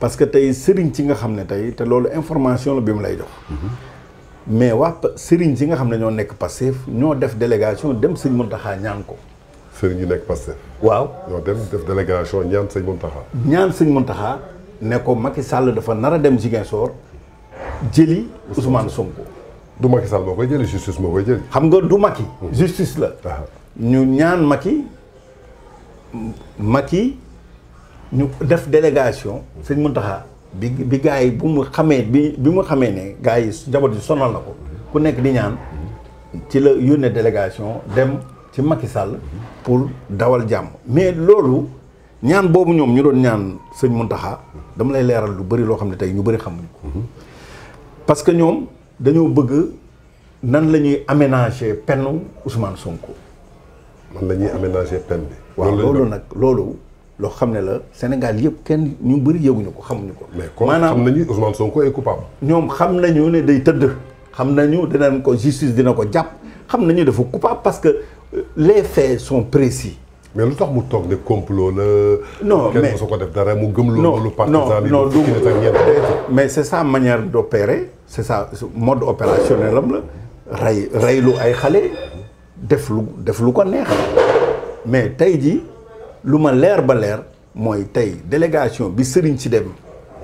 parce que tey sëriñ ci nga xam ne tey te loolu information la bi mu lay jox. mais waa sëriñ ci nga xam ne ñoo nekk Pastef ñoo def délégation dem sëñ Mountakha ñaan ko. sëriñ yu nekk Pastef. waaw ñoo dem def délégation ñaan sëñ Mountakha. ñaan sëñ Mountakha ne ko Macky Sall dafa nar a dem Ziguinchor jëli Ousmane Sonko. du Macky Sall moo koy jëli justice moo koy jëli. xam nga du Macky. justice la. Ah. ñu ñaan Macky Macky ñu def délégation sëñ Mountakha bi bi gars yi bu mu xamee bi bi mu xamee ne gars yi njaboot yi sonal na ko ku nekk di ñaan ci la yónnee délégation dem ci Macky sàll pour dawal jàmm mais loolu ñaan boobu ñoom ñu doon ñaan sëñ mun Mountakha dama lay leeral lu bëri loo xam ne tey ñu bëri xamuñu ko parce que ñoom dañoo bëgg nan la ñuy aménager pennu Ousmane Sonko. man la ñuy aménager penn bi. waaw loolu nag loolu. lo xamne la senegal yëpp kenn ñu bari yeguñu ko xamuñu ko. manam mais xam nañu Ousmane Sonko est coupable. ñom xam nañu ne day teud xam nañu dinañ ko justice dina ko japp xam nañu dafa coupable parce que euh, les faits sont précis. mais lu tax mu tok ne complot la. non mais kenn su ko def dara mu gëm. loolu partisan non non mais c' sa manière d'opérer c'est c' sa mode opérationnel am la ray rey lu ay xalé def lu def lu ko neex mais tay di lu ma leer ba leer mooy tey délégation bi sëriñ si dem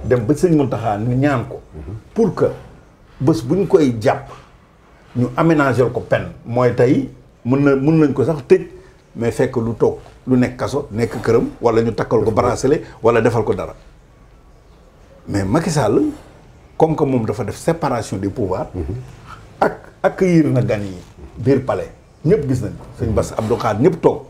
dem ba sëñ Mountakha ñu ñaan ko pour que bés bu ñu koy jàpp ñu aménager ko peine mooy tey mën na mën nañ ko sax tëj mais fekk lu toog lu nekk kaso nekk këram wala ñu takkal ko bracelet wala defal ko dara mais Macky Sall comme que moom dafa def séparation di pouvoirs ak accueillir na gan yi biir pale ñëpp gis nañ ko sëñ Bass Abdou Khadre ñëpp toog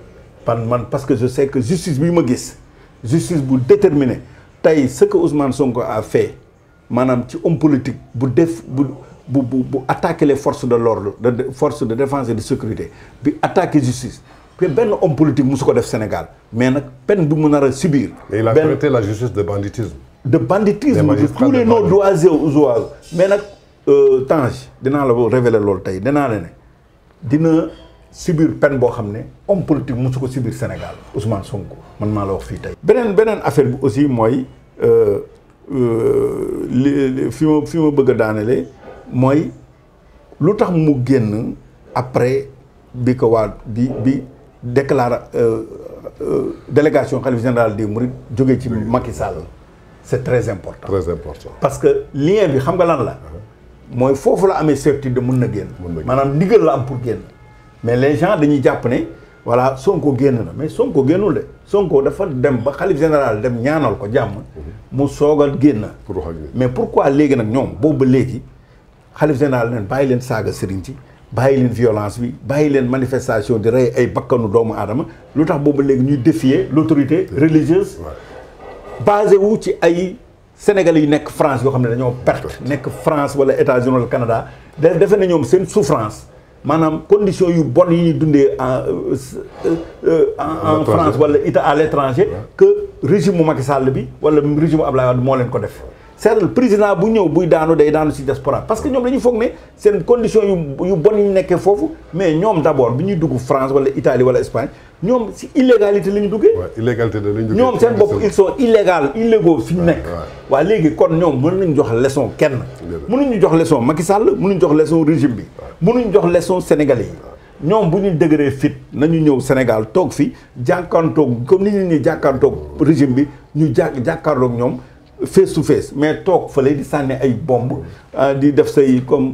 parce que je sais que justice bi ma justice bu déterminé ce que Ousmane Sonko a fait manam ci homme politique bu def attaquer les forces de l'ordre de forces de défense et de sécurité bi attaquer justice te ben homme politique musuko def Sénégal mais peine du meuna subir. il a traité la justice de banditisme. de banditisme de tous les noms d'oiseaux aux mais euh, Tange dina la révéler lol tay dina la subir peine bo xamné homme politique musuko ko subir Sénégal Ousmane Sonko man ma la wax fi tay benen benen affaire bi aussi moy euh euh fi ma fi ma bëgg a moy lutax mu génn après bi ko waa bi bi déclare euh, euh, délégation xalif général des mourid jogé ci Macky Sall. c'est très important très important parce que lien bi xam nga lan la. Uh-huh. moy fofu la amé certitude mën na génn. manam ndigal la am pour génn mais les gens dañuy sont né voilà Sonko génn na mais Sonko génnul Sonko dafa dem ba Khalif général dem ñaanal ko jamm mu mais pourquoi légui nak ñom général len saga ci violence bi len manifestation di rey ay bakkanu doomu lutax ñuy défier l'autorité religieuse basé wu ci ay sénégalais yi France yo xamné dañoo perte France wala États-Unis wala Canada defé na souffrance Manam condition yu bon yi ñuy dundé euh, euh, euh, en en France wala ita à l'étranger que régime Macky Sall bi wala régime Abdoulaye Wade mo leen ko def le président bu ñëw buy daanu day daanu ci diaspora parce que ñom dañu fogné sen condition yu yu bon yi ñu fofu mais ñom d'abord bi ñuy dugg France wala Italie wala Espagne ñoom si illégalité la ñu duggee. illégalité la ñu duggee ñoom seen bopp ils sont illégal illégaux fi ñu nekk. waaw léegi kon ñom mën nañu jox leçon kenn. mënuñu jox leçon Macky Sall mënuñu jox leçon régime bi. mënuñu jox leçon sénégalais ñom ñoom bu ñu dëgëree fit nañu ñëw Sénégal tok fi jàkkaantoog comme ni ñu ñuy régime bi ñu jàkk jàkkaarloog ñom face to face mais toog fële di sànni ay bomb euh, di def say comme.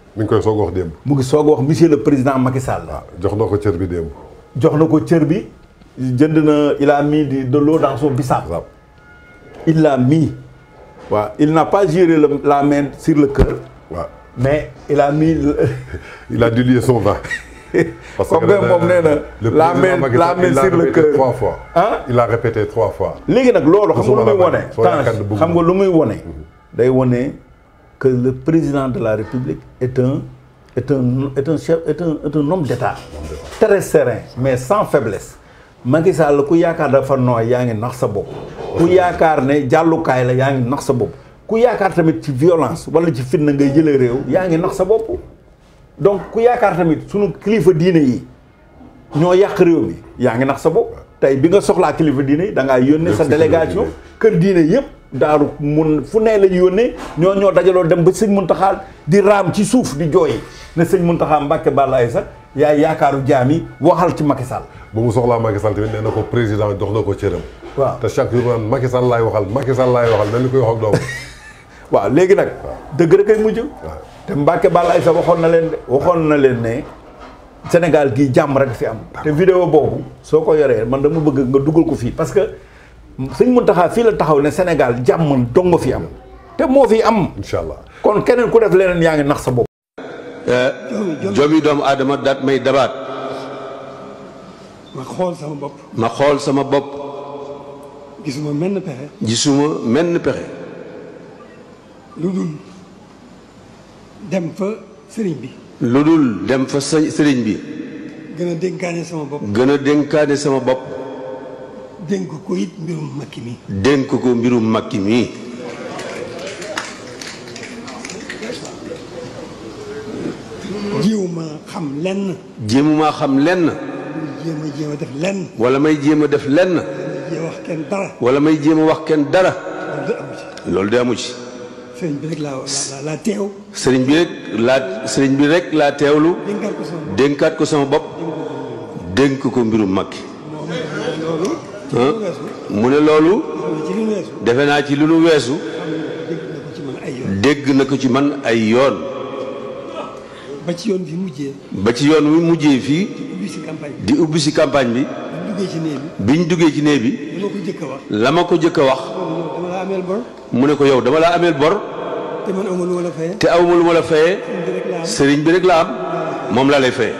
mi ngi koy soog wax démb. mu ngi soog wax monsieur le président Macky Sall. waaw ah, jox na ko cër bi démb. jox na ko cër bi jënd na il a mis de l'eau dans son bissap. il l'a mis. waaw il n'a pas géré la main sur le cœur. waaw mais il a mis. il a dilué son vin. Comme que moom la main la main sur le cœur trois fois. ah il a répété trois fois. léegi nag loolu xam nga lu muy xam nga lu muy mhm. day wone que le président de la République est un, est un, est un, chef, est un, est un homme d'État. Très serein, mais sans faiblesse. Macky Sall ku yaakaar dafa nooy yaa ngi nax sa bop ku yaakaar ne jàllukaay la yaa ngi nax sa bop ku yaakaar tamit ci violence wala ci fitna ngay jëlee rew yaa ngi nax sa bop donc ku yaakaar tamit suñu kilifa diine yi ñoo yàq rew mi yaa ngi nax sa bop tay bi nga soxla kilifa diine da nga yónnee sa délégation kër diine yëpp daaru mun fu nee la ñu yónnee ñoo ñoo dajaloo dem ba sëñ xaal di raam ci suuf di jooy ne sëñ Muntaxa Mbàkke ay sax yaay yaakaaru jaam yi waxal ci Macky Sall ba mu soxlaa Macky Sall tamit nee na ko président dox na ko cëram waaw te chaque laay waxal Macky Sall laay waxal mel ni koy wax ak waaw léegi nag dëgg rek ay mujj te Mbàkke ay sax waxoon na leen waxoon na leen ne senegal gi jàmm rek fi am te vidéo boobu soo ko yoree man dama bëgg nga duggal ko fii parce que sëñ taxaa fii la taxaw ne Sénégal jàmm dong fi am te moo fi am. incha allah kon keneen ku def leneen yaa ngi nax sa bopp. Eh, jomi doomu aadama daat may dabaat. xool sama bopp. ma xool sama bopp. gisuma menn pexe. gisuma menn pexe. lu dul dem fa sëriñ bi. lu dul dem fa sëriñ bi. gën a dénkaane sama bopp. gën a dénkaane sama bopp. dénk ko it mbirum makki mi. dénk ko mbirum makki mi. jéemuma xam lenn. jéemuma xam lenn. jéem a def lenn. wala may jéem def lenn. wala may jéem wax kenn dara. loolu de amu ci. sëriñ bi rek laa laa bi rek laa bi rek laa teewlu. dénkaat ko sama bopp. dénk ko mbirum makki. mu ne loolu defe naa ci lu nu weesu dégg na ko ci man ay yoon ba ci yoon wi mujjee ci yoon wi mujjee fii di ubbi ci campagne bi bi ñu duggee ci néeg bi la ma ko jëkk wax mu ne ko yow dama laa ameel bor te awma lu ma la faye sëriñ bi rek la am moom laa lay faye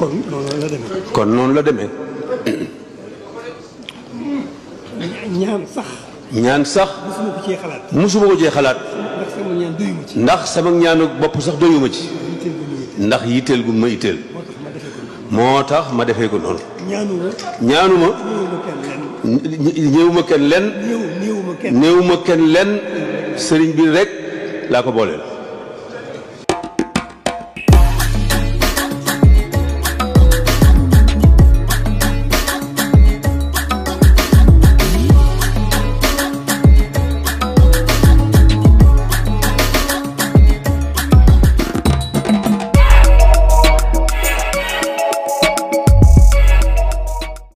kon noonu la demee. kon noonu la demee. ñaan sax. ñaan sax. musuma ko cee xalaat. ndax sama ñaanu bopp sax doyuma ci. ndax yitteel gu ma yitteel. moo tax ma defee ko noonu. ñaanuma. ñaanuma. ñëwuma kenn lenn. ñëwuma kenn lenn. néewuma kenn lenn. sëriñ bi rek laa ko booleel.